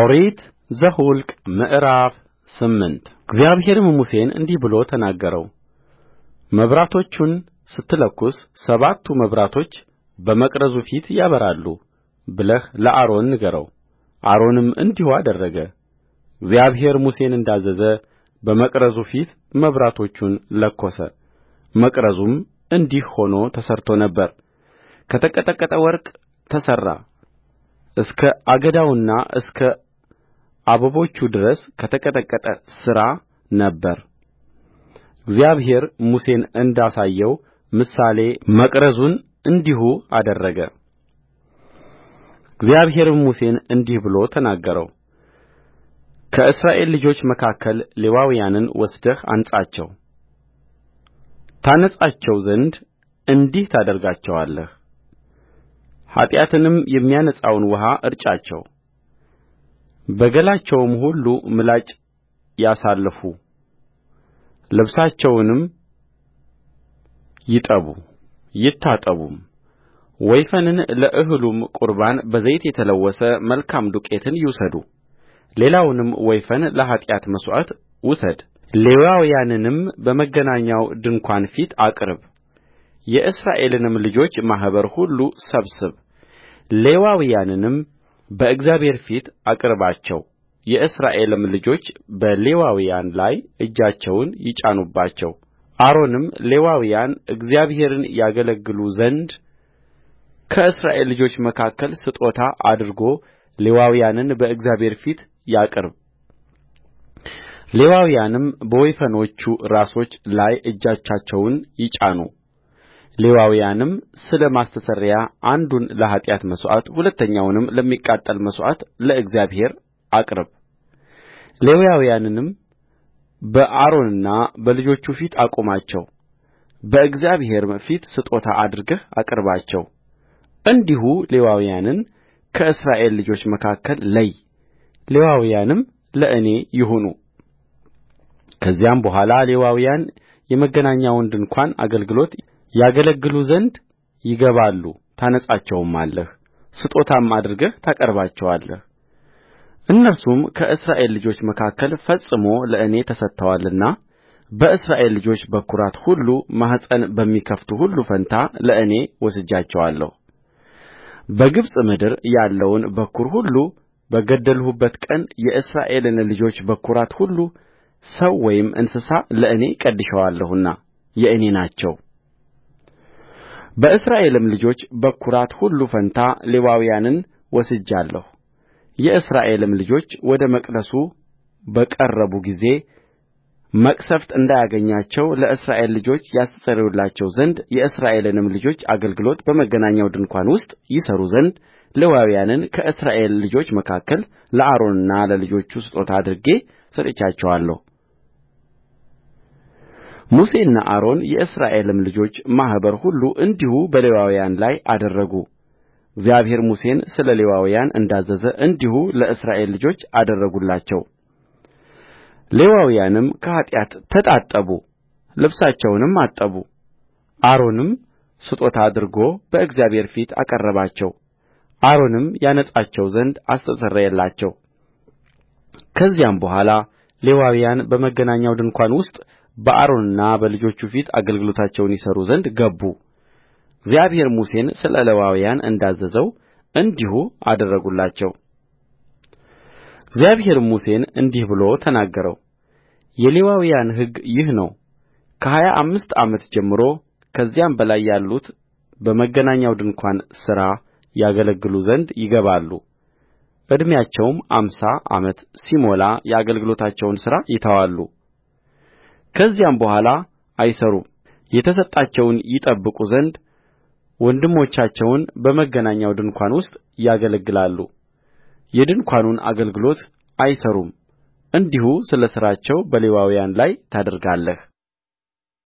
ኦሪት ዘኍልቍ ምዕራፍ ስምንት እግዚአብሔርም ሙሴን እንዲህ ብሎ ተናገረው። መብራቶቹን ስትለኵስ ሰባቱ መብራቶች በመቅረዙ ፊት ያበራሉ ብለህ ለአሮን ንገረው። አሮንም እንዲሁ አደረገ። እግዚአብሔር ሙሴን እንዳዘዘ በመቅረዙ ፊት መብራቶቹን ለኰሰ። መቅረዙም እንዲህ ሆኖ ተሠርቶ ነበር። ከተቀጠቀጠ ወርቅ ተሠራ፣ እስከ አገዳውና እስከ አበቦቹ ድረስ ከተቀጠቀጠ ሥራ እግዚአብሔር ሙሴን እንዳሳየው ምሳሌ መቅረዙን እንዲሁ አደረገ። እግዚአብሔርም ሙሴን እንዲህ ብሎ ተናገረው ከእስራኤል ልጆች መካከል ሌዋውያንን ወስደህ አንጻቸው ታነጻቸው ዘንድ እንዲህ ታደርጋቸዋለህ ኃጢአትንም የሚያነጻውን ውኃ እርጫቸው በገላቸውም ሁሉ ምላጭ ያሳልፉ ልብሳቸውንም ይጠቡ ይታጠቡም ወይፈንን ለእህሉም ቁርባን በዘይት የተለወሰ መልካም ዱቄትን ይውሰዱ ሌላውንም ወይፈን ለኃጢአት መሥዋዕት ውሰድ ሌዋውያንንም በመገናኛው ድንኳን ፊት አቅርብ የእስራኤልንም ልጆች ማኅበር ሁሉ ሰብስብ ሌዋውያንንም በእግዚአብሔር ፊት አቅርባቸው የእስራኤልም ልጆች በሌዋውያን ላይ እጃቸውን ይጫኑባቸው አሮንም ሌዋውያን እግዚአብሔርን ያገለግሉ ዘንድ ከእስራኤል ልጆች መካከል ስጦታ አድርጎ ሌዋውያንን በእግዚአብሔር ፊት ያቅርብ ሌዋውያንም በወይፈኖቹ ራሶች ላይ እጆቻቸውን ይጫኑ ሌዋውያንም ስለ ማስተስረያ አንዱን ለኃጢአት መሥዋዕት ሁለተኛውንም ለሚቃጠል መሥዋዕት ለእግዚአብሔር አቅርብ ሌዋውያንንም በአሮንና በልጆቹ ፊት አቁማቸው በእግዚአብሔርም ፊት ስጦታ አድርገህ አቅርባቸው እንዲሁ ሌዋውያንን ከእስራኤል ልጆች መካከል ለይ ሌዋውያንም ለእኔ ይሁኑ ከዚያም በኋላ ሌዋውያን የመገናኛውን ድንኳን አገልግሎት ያገለግሉ ዘንድ ይገባሉ ታነጻቸውማለህ ስጦታም አድርገህ ታቀርባቸዋለህ እነርሱም ከእስራኤል ልጆች መካከል ፈጽሞ ለእኔ ተሰጥተዋልና በእስራኤል ልጆች በኵራት ሁሉ ማኅፀን በሚከፍቱ ሁሉ ፋንታ ለእኔ በግብፅ ምድር ያለውን በኵር ሁሉ በገደልሁበት ቀን የእስራኤልን ልጆች በኵራት ሁሉ ሰው ወይም እንስሳ ለእኔ ቀድሼአቸዋለሁና የእኔ ናቸው በእስራኤልም ልጆች በኵራት ሁሉ ፋንታ ሌዋውያንን ወስጄአለሁ የእስራኤልም ልጆች ወደ መቅደሱ በቀረቡ ጊዜ መቅሠፍት እንዳያገኛቸው ለእስራኤል ልጆች ያስተሰርዩላቸው ዘንድ የእስራኤልንም ልጆች አገልግሎት በመገናኛው ድንኳን ውስጥ ይሠሩ ዘንድ ሌዋውያንን ከእስራኤል ልጆች መካከል ለአሮንና ለልጆቹ ስጦታ አድርጌ ሰጥቼአቸዋለሁ ሙሴና አሮን የእስራኤልም ልጆች ማኅበር ሁሉ እንዲሁ በሌዋውያን ላይ አደረጉእግዚአብሔር ሙሴን ስለ ሌዋውያን እንዳዘዘ እንዲሁ ለእስራኤል ልጆች አደረጉላቸውሌዋውያንም ከኃጢአት ተጣጠቡ ልብሳቸውንም አጠቡ አሮንም ስጦታ አድርጎ በእግዚአብሔር ፊት አቀረባቸው አሮንም ያነጻቸው ዘንድ አስተሰረየላቸው ከዚያም በኋላ ሌዋውያን በመገናኛው ድንኳን ውስጥ በአሮንና በልጆቹ ፊት አገልግሎታቸውን ይሠሩ ዘንድ ገቡ። እግዚአብሔር ሙሴን ስለ ሌዋውያን እንዳዘዘው እንዲሁ አደረጉላቸው። እግዚአብሔርም ሙሴን እንዲህ ብሎ ተናገረው የሌዋውያን ሕግ ይህ ነው ከሀያ አምስት ዓመት ጀምሮ ከዚያም በላይ ያሉት በመገናኛው ድንኳን ሥራ ያገለግሉ ዘንድ ይገባሉ። ዕድሜያቸውም አምሳ ዓመት ሲሞላ የአገልግሎታቸውን ሥራ ይተዋሉ ከዚያም በኋላ አይሠሩም የተሰጣቸውን ይጠብቁ ዘንድ ወንድሞቻቸውን በመገናኛው ድንኳን ውስጥ ያገለግላሉ የድንኳኑን አገልግሎት አይሠሩም እንዲሁ ስለ ሥራቸው በሌዋውያን ላይ ታደርጋለህ